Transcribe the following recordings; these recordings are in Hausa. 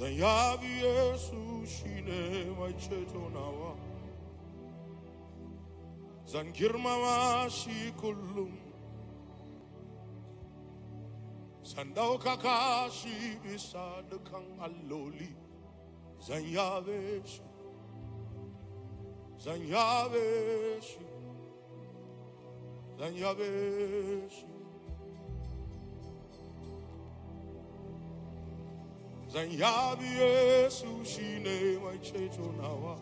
zeyabi yesu shine maicheto nawa zan wa shi kullum zan ɗaukaka shi bisa alloli zan yabe shi zan yabe shi zanyabi yesu shine wa ceto nawa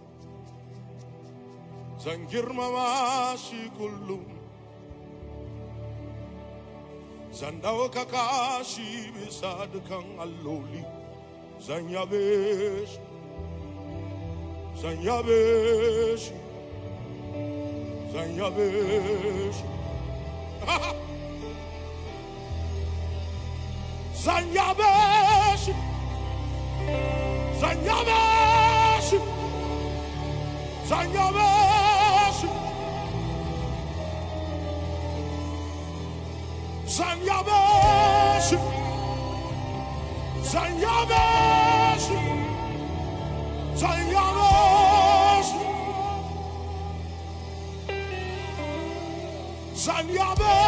zan girmama shi kullum zan ɗaukaka shi bisa dukan alloli zan yabe shi Zanyamasu Zanyamasu Zanyamasu Zanyamasu Zanyamasu Zanyamasu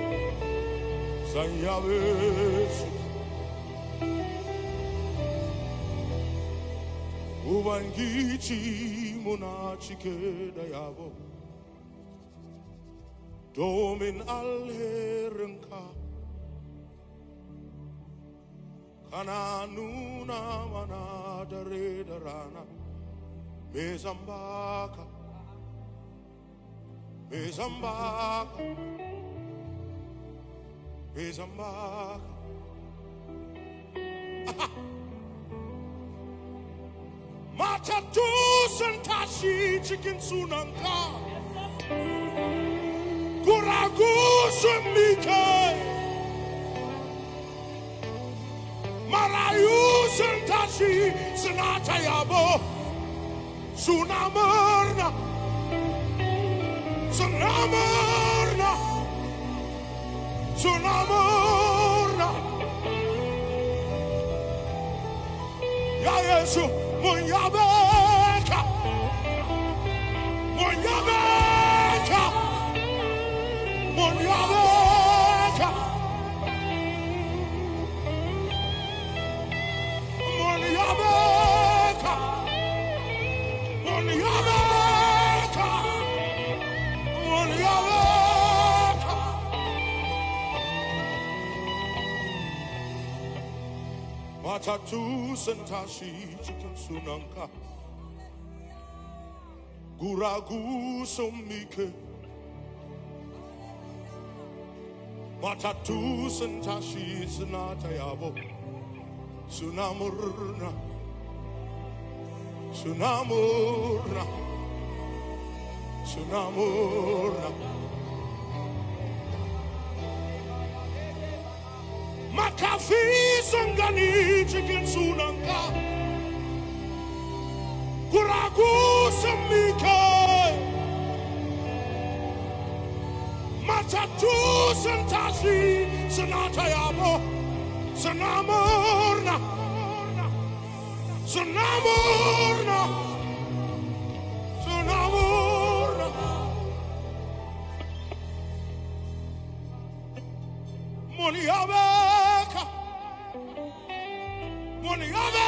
sem llaves. Ubangichi monachike Domin alherenka. Kananuna manadare darana. Mezambaka. Mezambaka. Mezambaka is a mark. Mata tusan tashi chicken sunanka. Kuragusun mika. Marayusan tashi sunata yabo. Sunamurna. Sunamurna tunamona ya Yesu muyabeka Atatusantashi chikansunanka Guragu somike Matatusantashi sanatayabo Sunamurna Sunamurna Sunamurna Makafi usinganithi kinsuna nka kurakuse mikhe mathatuse mthashi sinatha yabo sinamorna sinamorna sinamorna Money, morning. Over!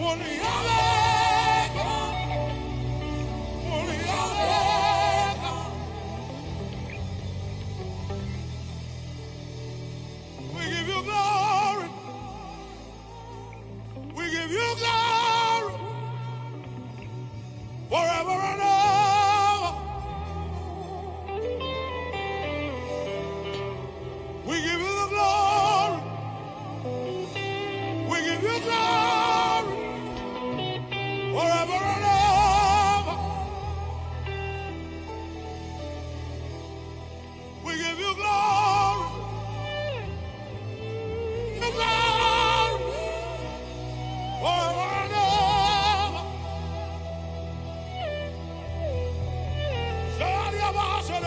the other-